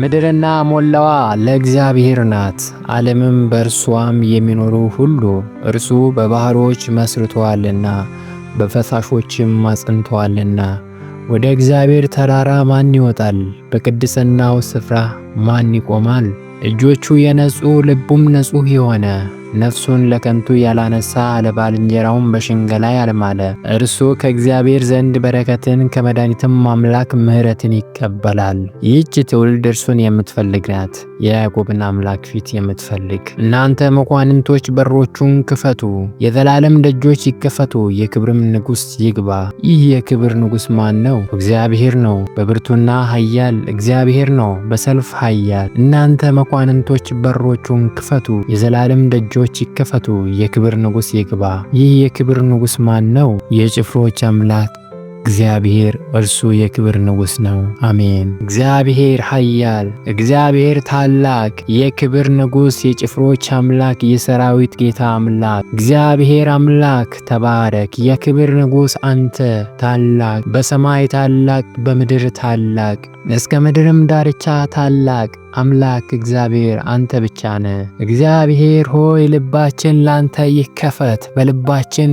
ምድርና ሞላዋ ለእግዚአብሔር ናት፣ ዓለምም በእርሷም የሚኖሩ ሁሉ። እርሱ በባሕሮች መስርቶአልና በፈሳሾችም አጽንቶአልና። ወደ እግዚአብሔር ተራራ ማን ይወጣል? በቅድስናው ስፍራ ማን ይቆማል? እጆቹ የነጹ ልቡም ንጹሕ የሆነ ነፍሱን ለከንቱ ያላነሳ ለባልንጀራውን በሽንገላ ያልማለ እርሱ ከእግዚአብሔር ዘንድ በረከትን ከመድኃኒትም አምላክ ምሕረትን ይቀበላል። ይህች ትውልድ እርሱን የምትፈልግ ናት። የያዕቆብን አምላክ ፊት የምትፈልግ እናንተ መኳንንቶች በሮቹን ክፈቱ፣ የዘላለም ደጆች ይከፈቱ፣ የክብርም ንጉሥ ይግባ። ይህ የክብር ንጉሥ ማን ነው? እግዚአብሔር ነው፣ በብርቱና ኃያል እግዚአብሔር ነው፣ በሰልፍ ኃያል። እናንተ መኳንንቶች በሮቹን ክፈቱ፣ የዘላለም ደጆች ይከፈቱ፣ የክብር ንጉሥ ይግባ። ይህ የክብር ንጉሥ ማን ነው? የጭፍሮች አምላክ እግዚአብሔር እርሱ የክብር ንጉሥ ነው። አሜን። እግዚአብሔር ኃያል፣ እግዚአብሔር ታላቅ፣ የክብር ንጉሥ፣ የጭፍሮች አምላክ፣ የሰራዊት ጌታ አምላክ እግዚአብሔር አምላክ ተባረክ። የክብር ንጉሥ አንተ ታላቅ፣ በሰማይ ታላቅ፣ በምድር ታላቅ፣ እስከ ምድርም ዳርቻ ታላቅ አምላክ እግዚአብሔር አንተ ብቻ ነህ። እግዚአብሔር ሆይ ልባችን ላንተ ይከፈት በልባችን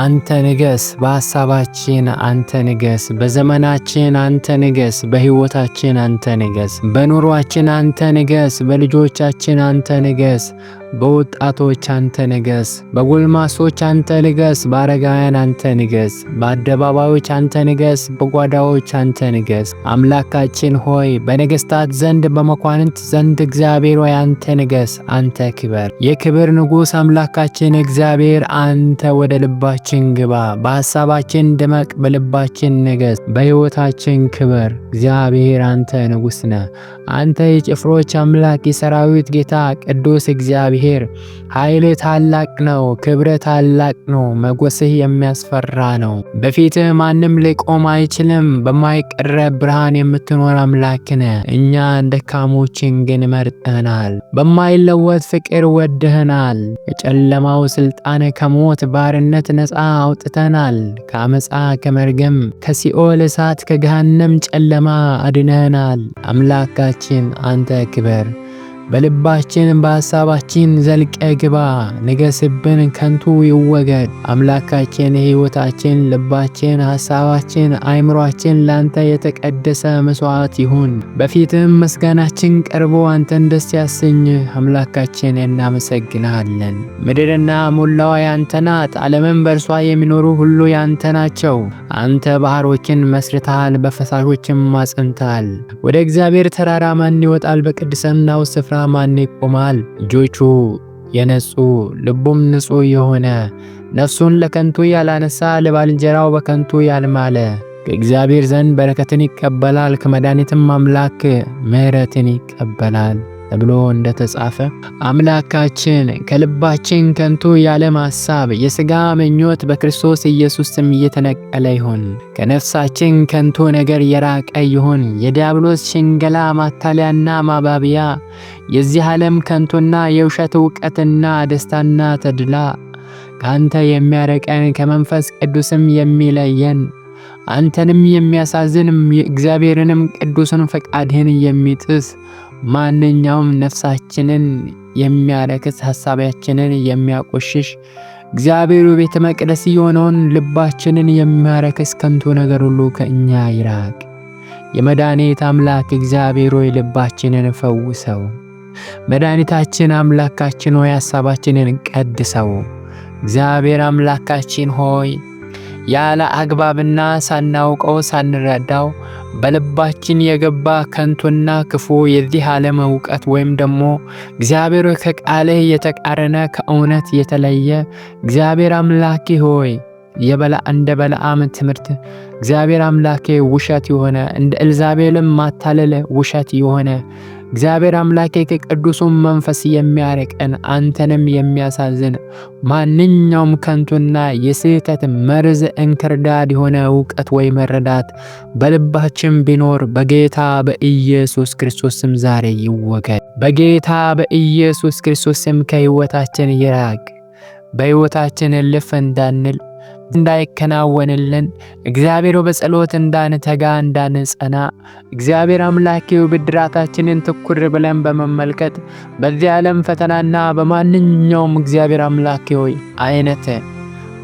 አንተ ንገስ። በሐሳባችን አንተ ንገስ። በዘመናችን አንተ ንገስ። በሕይወታችን አንተ ንገስ። በኑሯችን አንተ ንገስ። በልጆቻችን አንተ ንገስ። በወጣቶች አንተ ንገስ፣ በጎልማሶች አንተ ንገስ፣ በአረጋውያን አንተ ንገስ፣ በአደባባዮች አንተ ንገስ፣ በጓዳዎች አንተ ንገስ። አምላካችን ሆይ በነገስታት ዘንድ በመኳንንት ዘንድ እግዚአብሔር ሆይ አንተ ንገስ፣ አንተ ክበር። የክብር ንጉስ አምላካችን እግዚአብሔር አንተ ወደ ልባችን ግባ፣ በሐሳባችን ድመቅ፣ በልባችን ንገስ፣ በሕይወታችን ክበር። እግዚአብሔር አንተ ንጉስ ነ። አንተ የጭፍሮች አምላክ የሰራዊት ጌታ ቅዱስ እግዚአብሔር እግዚአብሔር ኃይል ታላቅ ነው፣ ክብረ ታላቅ ነው፣ መጎስህ የሚያስፈራ ነው። በፊትህ ማንም ሊቆም አይችልም። በማይቀረብ ብርሃን የምትኖር አምላክ ነህ። እኛ ደካሞችን ግን መርጠናል። በማይለወጥ ፍቅር ወድህናል። የጨለማው ስልጣን ከሞት ባርነት ነፃ አውጥተናል። ከአመፃ ከመርገም ከሲኦል እሳት ከገሃነም ጨለማ አድነህናል። አምላካችን አንተ ክበር በልባችን በሐሳባችን ዘልቀ ግባ፣ ንገስብን ከንቱ ይወገድ። አምላካችን ሕይወታችን፣ ልባችን፣ ሐሳባችን፣ አይምሯችን ላንተ የተቀደሰ መሥዋዕት ይሁን። በፊትም ምስጋናችን ቀርቦ አንተን ደስ ያሰኝ። አምላካችን እናመሰግናለን። ምድርና ሞላዋ ያንተ ናት፣ ዓለምን በእርሷ የሚኖሩ ሁሉ ያንተ ናቸው። አንተ ባሕሮችን መስርተሃል፣ በፈሳሾችም አጽንተሃል። ወደ እግዚአብሔር ተራራ ማን ይወጣል? በቅድስናው ስፍራ ማን ይቆማል? እጆቹ የነጹ ልቡም ንጹህ የሆነ ነፍሱን ለከንቱ ያላነሳ ለባልንጀራው በከንቱ ያልማለ ከእግዚአብሔር ዘንድ በረከትን ይቀበላል፣ ከመድኃኒትም አምላክ ምሕረትን ይቀበላል። ተብሎ እንደተጻፈ አምላካችን ከልባችን ከንቱ የዓለም ሐሳብ፣ የሥጋ ምኞት በክርስቶስ ኢየሱስ ስም እየተነቀለ ይሁን። ከነፍሳችን ከንቱ ነገር የራቀ ይሁን። የዲያብሎስ ሽንገላ፣ ማታለያና ማባቢያ፣ የዚህ ዓለም ከንቱና የውሸት ዕውቀትና ደስታና ተድላ ከአንተ የሚያረቀን ከመንፈስ ቅዱስም የሚለየን አንተንም የሚያሳዝን እግዚአብሔርንም ቅዱስን ፈቃድህን የሚጥስ ማንኛውም ነፍሳችንን የሚያረክስ ሐሳባችንን የሚያቆሽሽ እግዚአብሔሩ ቤተ መቅደስ የሆነውን ልባችንን የሚያረክስ ከንቱ ነገር ሁሉ ከእኛ ይራቅ። የመድኃኒት አምላክ እግዚአብሔር ሆይ ልባችንን ፈውሰው። መድኃኒታችን አምላካችን ሆይ ሐሳባችንን ቀድሰው። እግዚአብሔር አምላካችን ሆይ ያለ አግባብና ሳናውቀው ሳንረዳው በልባችን የገባ ከንቱና ክፉ የዚህ ዓለም እውቀት ወይም ደግሞ እግዚአብሔር ከቃልህ የተቃረነ ከእውነት የተለየ እግዚአብሔር አምላኪ ሆይ የበላ እንደ በለዓም ትምህርት እግዚአብሔር አምላኬ ውሸት የሆነ እንደ ኤልዛቤልም ማታለለ ውሸት የሆነ እግዚአብሔር አምላኬ ከቅዱሱን መንፈስ የሚያርቀን አንተንም የሚያሳዝን ማንኛውም ከንቱና የስህተት መርዝ እንክርዳድ የሆነ እውቀት ወይ መረዳት በልባችን ቢኖር በጌታ በኢየሱስ ክርስቶስ ስም ዛሬ ይወገድ። በጌታ በኢየሱስ ክርስቶስ ስም ከህይወታችን ይራቅ። በሕይወታችን እልፍ እንዳንል እንዳይከናወንልን እግዚአብሔር በጸሎት እንዳንተጋ እንዳንጸና እግዚአብሔር አምላኬው ብድራታችንን ትኩር ብለን በመመልከት በዚህ ዓለም ፈተናና በማንኛውም እግዚአብሔር አምላኬ ሆይ አይነት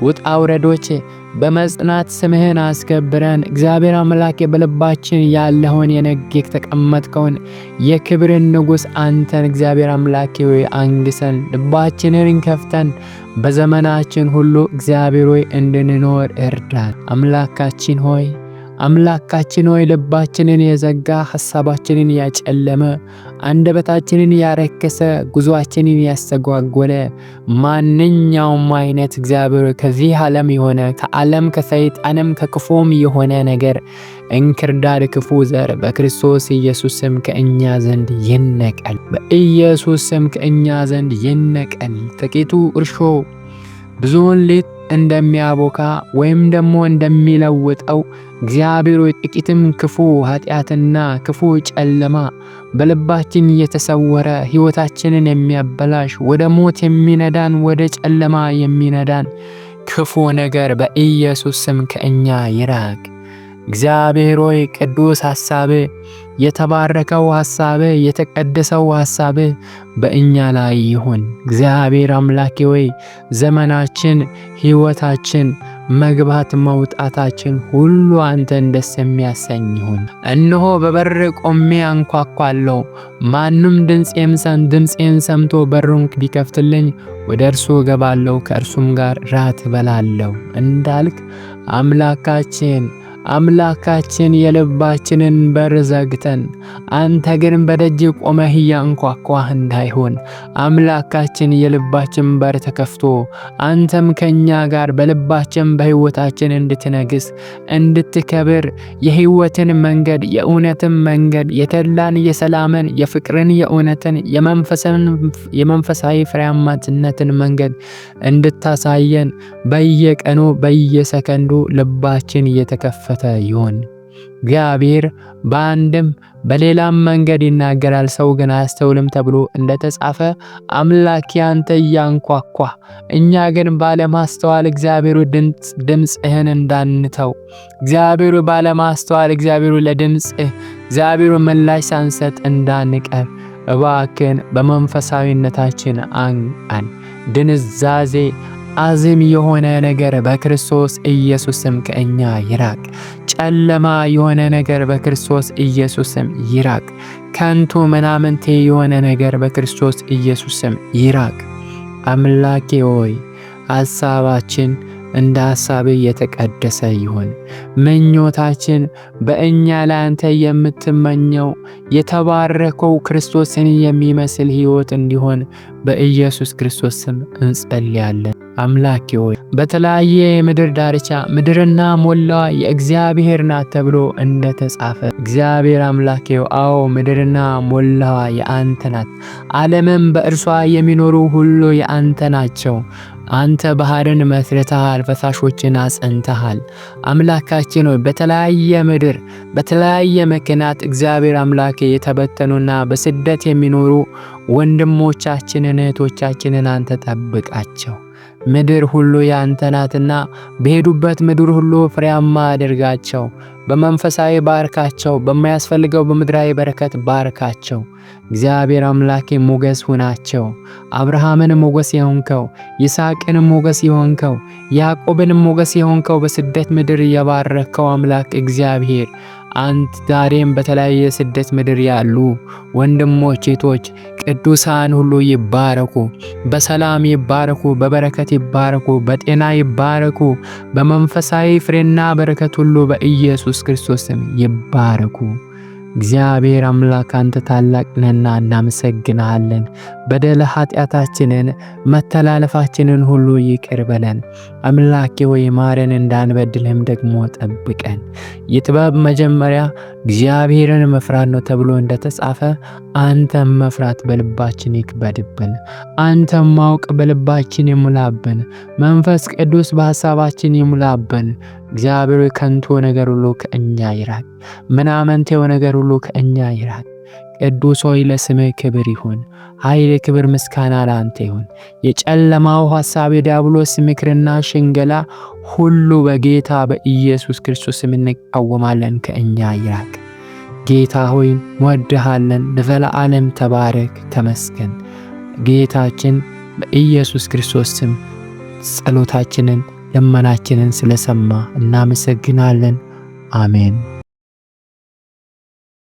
ውጣ ውረዶች በመጽናት ስምህን አስከብረን እግዚአብሔር አምላክ በልባችን ያለውን የነግ የተቀመጥከውን የክብርን ንጉሥ አንተን እግዚአብሔር አምላክ ሆይ አንግሰን ልባችንን ከፍተን በዘመናችን ሁሉ እግዚአብሔር ሆይ እንድንኖር እርዳን። አምላካችን ሆይ አምላካችን ሆይ ልባችንን የዘጋ ሐሳባችንን ያጨለመ አንደበታችንን ያረከሰ ጉዞአችንን ያስተጓጎለ ማንኛውም አይነት እግዚአብሔር ከዚህ ዓለም የሆነ ከዓለም ከሰይጣንም ከክፉም የሆነ ነገር እንክርዳድ፣ ክፉ ዘር በክርስቶስ ኢየሱስ ስም ከእኛ ዘንድ ይነቀል። በኢየሱስ ስም ከእኛ ዘንድ ይነቀል። ጥቂቱ እርሾ ብዙውን ሊጥ እንደሚያቦካ ወይም ደግሞ እንደሚለውጠው እግዚአብሔር ጥቂትም ክፉ ኃጢአትና ክፉ ጨለማ በልባችን የተሰወረ ሕይወታችንን የሚያበላሽ ወደ ሞት የሚነዳን ወደ ጨለማ የሚነዳን ክፉ ነገር በኢየሱስ ስም ከእኛ ይራቅ። እግዚአብሔር ሆይ ቅዱስ ሐሳብ፣ የተባረከው ሐሳብ፣ የተቀደሰው ሐሳብ በእኛ ላይ ይሁን። እግዚአብሔር አምላኬ ሆይ ዘመናችን፣ ሕይወታችን መግባት መውጣታችን ሁሉ አንተን ደስ የሚያሰኝ ይሁን። እነሆ በበር ቆሜ አንኳኳለሁ። ማንም ድምፄን ሰምቶ በሩን ቢከፍትልኝ ወደ እርሱ እገባለሁ፣ ከእርሱም ጋር ራት እበላለሁ እንዳልክ አምላካችን አምላካችን የልባችንን በር ዘግተን አንተ ግን በደጅ ቆመህ እያንኳኳህ እንዳይሆን አምላካችን የልባችን በር ተከፍቶ አንተም ከእኛ ጋር በልባችን በሕይወታችን እንድትነግስ እንድትከብር የሕይወትን መንገድ የእውነትን መንገድ የተላን የሰላምን የፍቅርን የእውነትን የመንፈሳዊ ፍሬያማትነትን መንገድ እንድታሳየን በየቀኑ በየሰከንዱ ልባችን እየተከፈ የበረከተ ይሁን። እግዚአብሔር በአንድም በሌላም መንገድ ይናገራል፣ ሰው ግን አያስተውልም ተብሎ እንደተጻፈ አምላክ ያንተ እያንኳኳ እኛ ግን ባለማስተዋል እግዚአብሔሩ ድምፅህን እንዳንተው እግዚአብሔሩ ባለማስተዋል እግዚአብሔሩ ለድምፅህ እግዚአብሔሩ ምላሽ ሳንሰጥ እንዳንቀር እባክን በመንፈሳዊነታችን አንቃን ድንዛዜ አዚም የሆነ ነገር በክርስቶስ ኢየሱስም ከእኛ ይራቅ። ጨለማ የሆነ ነገር በክርስቶስ ኢየሱስም ይራቅ። ከንቱ ምናምንቴ የሆነ ነገር በክርስቶስ ኢየሱስም ይራቅ። አምላኬ ሆይ ሐሳባችን እንደ ሀሳብ የተቀደሰ ይሁን። ምኞታችን በእኛ ለአንተ የምትመኘው የተባረከው ክርስቶስን የሚመስል ሕይወት እንዲሆን በኢየሱስ ክርስቶስ ስም እንጸልያለን። አምላኬ ሆይ በተለያየ የምድር ዳርቻ ምድርና ሞላዋ የእግዚአብሔር ናት ተብሎ እንደተጻፈ እግዚአብሔር ሆይ አዎ ምድርና ሞላዋ የአንተ ናት፣ ዓለምም በእርሷ የሚኖሩ ሁሉ የአንተ ናቸው። አንተ ባህርን መስርተሃል፣ ፈሳሾችን አጽንተሃል። አምላካችን ሆይ በተለያየ ምድር በተለያየ ምክንያት እግዚአብሔር አምላኬ የተበተኑና በስደት የሚኖሩ ወንድሞቻችንን እህቶቻችንን አንተ ጠብቃቸው። ምድር ሁሉ ያንተ ናትና በሄዱበት ምድር ሁሉ ፍሬያማ አድርጋቸው። በመንፈሳዊ ባርካቸው፣ በማያስፈልገው በምድራዊ በረከት ባርካቸው። እግዚአብሔር አምላኬ ሞገስ ሁናቸው። አብርሃምን ሞገስ የሆንከው፣ ይስሐቅን ሞገስ የሆንከው፣ ያዕቆብን ሞገስ የሆንከው በስደት ምድር የባረከው አምላክ እግዚአብሔር አንት ዛሬም በተለያየ የስደት ምድር ያሉ ወንድሞች እህቶች፣ ቅዱሳን ሁሉ ይባረኩ፣ በሰላም ይባረኩ፣ በበረከት ይባረኩ፣ በጤና ይባረኩ፣ በመንፈሳዊ ፍሬና በረከት ሁሉ በኢየሱስ ክርስቶስም ይባረኩ። እግዚአብሔር አምላክ አንተ ታላቅ ነና እናመሰግናለን። በደለ ኃጢአታችንን መተላለፋችንን ሁሉ ይቅር በለን። አምላኬ ሆይ ማረን፣ እንዳንበድልህም ደግሞ ጠብቀን። የጥበብ መጀመሪያ እግዚአብሔርን መፍራት ነው ተብሎ እንደተጻፈ አንተም መፍራት በልባችን ይክበድብን፣ አንተም ማወቅ በልባችን ይሙላብን፣ መንፈስ ቅዱስ በሐሳባችን ይሙላብን። እግዚአብሔር ከንቱ ነገር ሁሉ ከእኛ ይራቅ፣ ምናምንቴው ነገር ሁሉ ከእኛ ይራቅ። ቅዱስ ሆይ ለስምህ ክብር ይሁን። ኃይል፣ ክብር፣ ምስጋና ለአንተ ይሁን። የጨለማው ሐሳብ፣ የዲያብሎስ ምክርና ሽንገላ ሁሉ በጌታ በኢየሱስ ክርስቶስ ስም እንቃወማለን፣ ከእኛ ይራቅ። ጌታ ሆይ እንወድሃለን። ለዘለዓለም ተባረክ፣ ተመስገን። ጌታችን በኢየሱስ ክርስቶስ ስም ጸሎታችንን፣ ልመናችንን ስለሰማ እናመሰግናለን። አሜን።